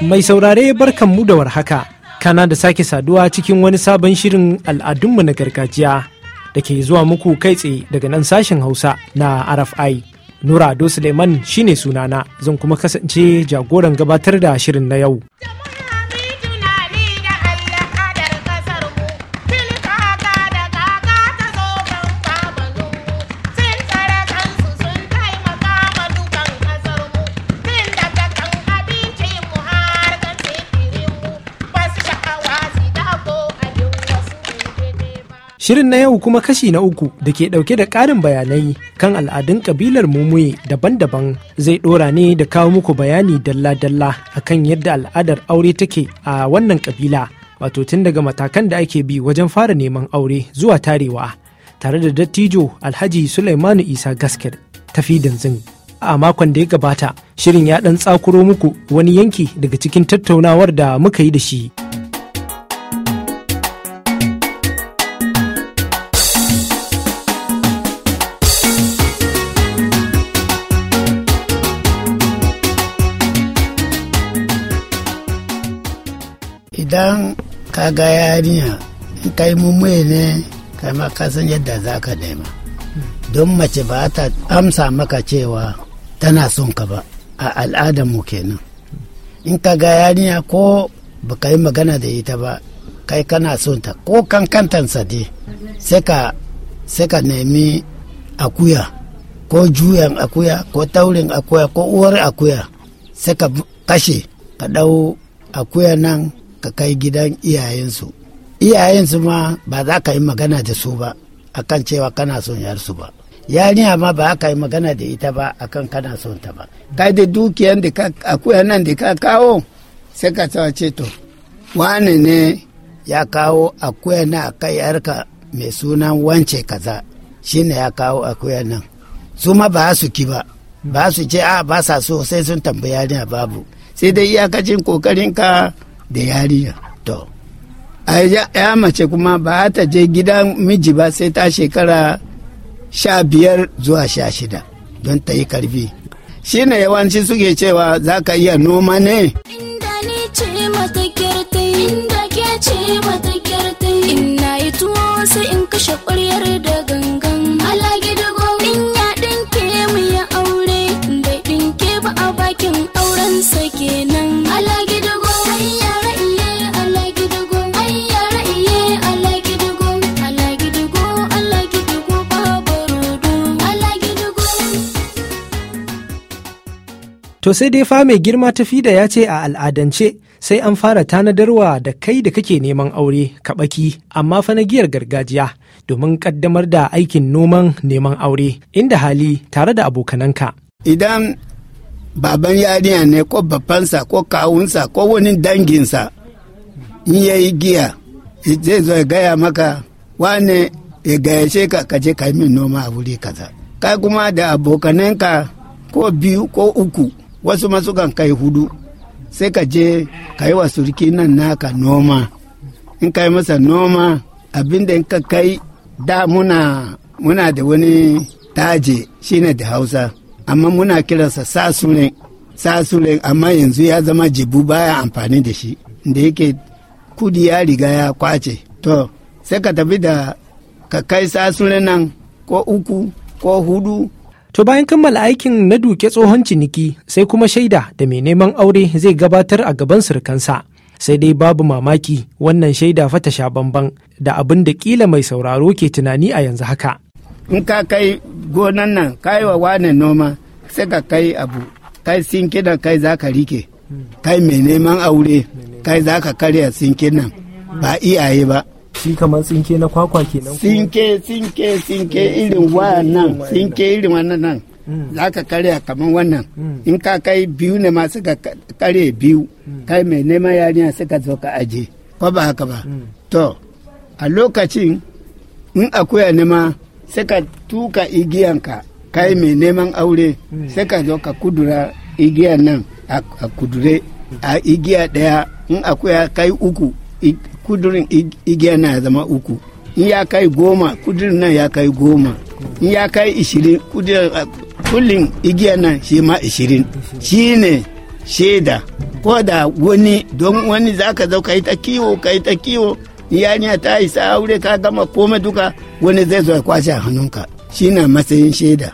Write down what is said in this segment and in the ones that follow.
Mai saurare barkan mu da warhaka, kana da sake saduwa cikin wani sabon shirin al'adunmu na gargajiya da ke zuwa muku kai tsaye daga nan sashen Hausa na RFI. Nura Ado Suleiman shine sunana, zan kuma kasance jagoran gabatar da shirin na yau. Shirin na yau kuma kashi na uku da ke ɗauke da ƙarin bayanai kan al'adun ƙabilar mumuye daban-daban zai ɗora ne da kawo muku bayani dalla-dalla akan yadda al'adar aure take a wannan ƙabila wato tun daga matakan da ake bi wajen fara neman aure zuwa tarewa tare da dattijo alhaji Sulaimanu Isa Gaskir fi danzin. a makon da ya gabata shirin ya ɗan tsakuro muku wani yanki daga cikin tattaunawar da muka yi da shi. idan ka ga yarinya in kai mummuye ne kama ka san yadda za ka nema don mace ba ta amsa maka cewa tana son ka ba a al'adar mu kenan in ka ga yarinya ko ba ka yi magana da ita ba kai kana son ta ko kankantansa dai sai ka sai ka nemi akuya ko juyan akuya ko taurin akuya ko uwar akuya sai ka kashe ka ɗau akuya nan ka kai gidan iyayensu iyayensu ma ba za ka yi magana da su ba a kan cewa kana son yarsu ba yarinya ma ba ka yi magana da ita ba a akan kana son ta ba kai da dukiyan da ka akuya nan da ka kawo sai ka tsawa ce to wani ne ya kawo akuya na akai yarka mai sunan wance kaza shine ya kawo akuya nan su ma ba su ki ba ba su ce a ba sa so sai sun tambaya ne babu sai dai iyakacin kokarin ka da yariya to ya mace kuma ba ta je gida miji ba sai ta shekara sha biyar zuwa sha shida don ta yi karfi shine yawanci suke cewa za ka iya noma ne To sai dai fa mai girma tafi da ya ce a al'adance sai an fara tanadarwa da kai da kake neman aure kaɓaki amma fa na giyar gargajiya domin kaddamar da aikin noman neman aure inda hali tare da abokananka. Idan baban yariya ne ko babansa ko kawunsa ko wani danginsa in ya yi giya zai zo gaya maka wane ya gayyace ka kaje je ka yi min noma a wuri kaza kai kuma da abokananka ko biyu ko uku wasu masu kan kai hudu sai ka je ka yi wa surki nan naka noma in ka yi masa noma abinda in ka kai da muna muna da wani taje shine da hausa amma muna kiransa sasulen sasulen amma yanzu ya zama jibu baya amfani da shi da yake kudi ya riga ya kwace to sai ka tafi da ka kai sasulen nan ko uku ko hudu To bayan kammala aikin na duke tsohon ciniki sai kuma shaida da mai neman aure zai gabatar a gaban surukansa. Sai dai babu mamaki wannan shaida fata sha bamban da abin da kila mai sauraro ke tunani a yanzu haka. In ka kai gonan nan kai wa wane noma sai ka kai abu kai sinkinan kai za ka rike hmm. kai mai neman aure kai za ka karya sinkinan ba iyaye ba. shi kamar tsinke na kwakwa kenan tsinke tsinke tsinke irin wannan tsinke irin wannan nan mm. za ka karya kamar wannan mm. in ka kai biyu ne ma suka karya biyu mm. kai mai neman yariya suka zo ka aje ko ba haka ba to a lokacin in akuya ne ma suka tuka igiyanka kai mai neman aure suka zo ka kudura igiyan nan a kudure a igiya daya in akuya kai uku kudurin igiya na ya zama uku in ya kai goma kudurin nan ya kai goma in ya kai ishirin kullum igiya nan shi ma ishirin shi ne shaida ko da wani don wani za ka zau kai ta kiwo kai ta kiwo yarinya ta isa aure ka gama koma duka wani zai zo ya kwashe hannunka shi na matsayin shaida.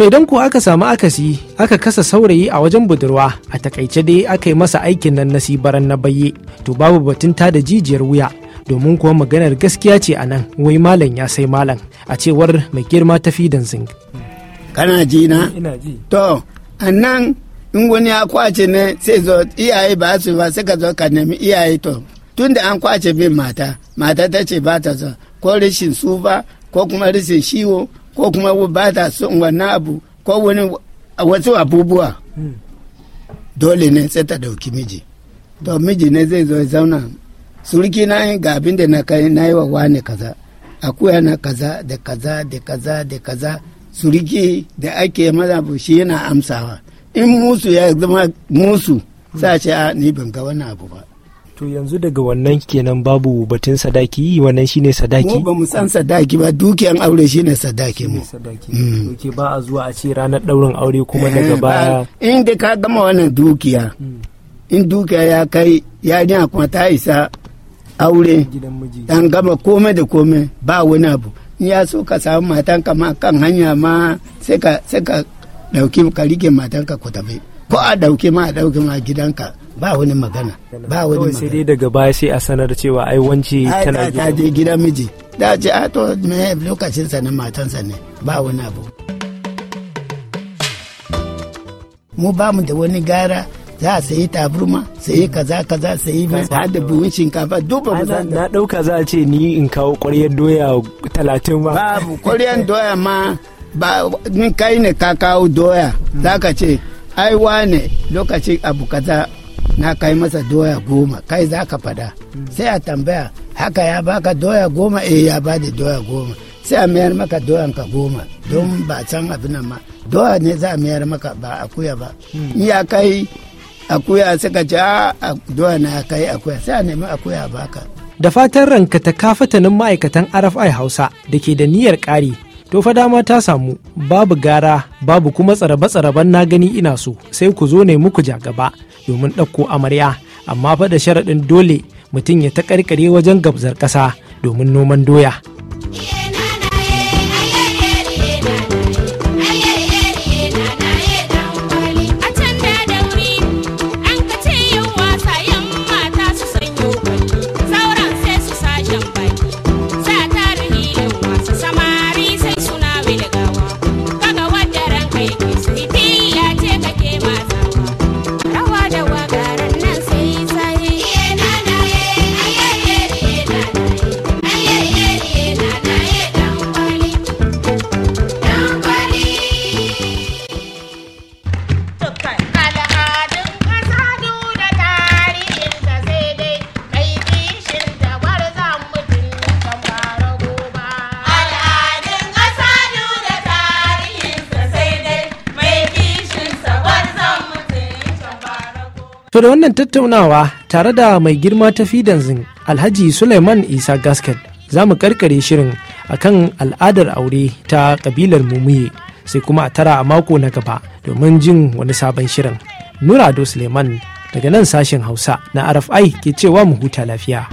To idan ku aka samu akasi aka kasa saurayi a wajen budurwa a takaice dai aka yi masa aikin nan na na bayye to babu batun ta da jijiyar wuya domin kuwa maganar gaskiya ce a nan wai malam ya sai malam a cewar mai girma ta fidan zing. Kana ji na? Ina ji. To, annan in wani ya kwace ne sai zo iyaye ba su ba suka zo ka nemi iyaye to tun da an kwace bin mata mata ta ce ba ta zo ko rashin su ba ko kuma rashin shiwo ko kuma ba ta son wannan abu ko wani wasu abubuwa hmm. dole ne sai ta dauki miji to miji ne zai zo zauna surki na ga abin da na kai na yi wa wani kaza akuya na kaza da kaza da kaza da kaza surki da ake maza shi yana amsawa in musu ya zama musu sa hmm. a ni ban ga wani abu ba to yanzu daga wannan kenan babu batun sadaki wannan shine sadaki mu ba mu san sadaki ba dukiyan aure shine sadaki mu sadaki mm. ba a zuwa a ce ranar ɗaurin aure kuma daga eh, baya in da ka gama wannan dukiya mm. in dukiya ya kai ya yarinya kuma ta isa aure dan gama komai da komai ba wani abu in ya so ka samu matanka ma kan hanya ma sai ka ɗauki ka rike matanka ku tafi ko a dauke ma a dauke ma gidanka ba wani magana ba wani magana sai dai daga baya sai a sanar cewa ai wanci tana ta je gidan miji da ce a to me lokacin sa ne matan sa ne ba wani abu mu ba mu da wani gara za a sayi taburma sayi kaza kaza sayi ba ta da buhun shinkafa duba mu san na dauka za a ce ni in kawo ƙwaryar doya talatin ba babu ƙwaryar doya ma ba in kai ne ka kawo doya za ka ce ai wane lokaci abu kaza na kai masa doya goma kai za ka fada sai a tambaya haka ya baka doya goma eh ya ba da doya goma sai a mayar maka doyan ka goma don ba can abin nan ma doya ne za a mayar maka ba akuya ba in ya kai akuya suka ce ah, a doya na ya kai akuya sai a nemi akuya baka da fatan ranka ta kafatanin ma'aikatan RFI Hausa da ke da niyyar ƙari to fa dama ta samu babu gara babu kuma tsarabe-tsaraben na gani ina so sai ku zo ne muku ja gaba domin ɗauko amarya amma fa da sharaɗin dole mutum ya ta ƙarƙare wajen gabzar ƙasa domin noman doya. da wannan tattaunawa tare da mai girma ta fidanzin Alhaji Suleiman Isa Gasket za mu karkare shirin a kan al'adar aure ta kabilar mumuye sai kuma a tara a mako na gaba domin jin wani sabon shirin. Nura Ado Suleiman daga nan sashen Hausa na RFI ke cewa mu huta lafiya.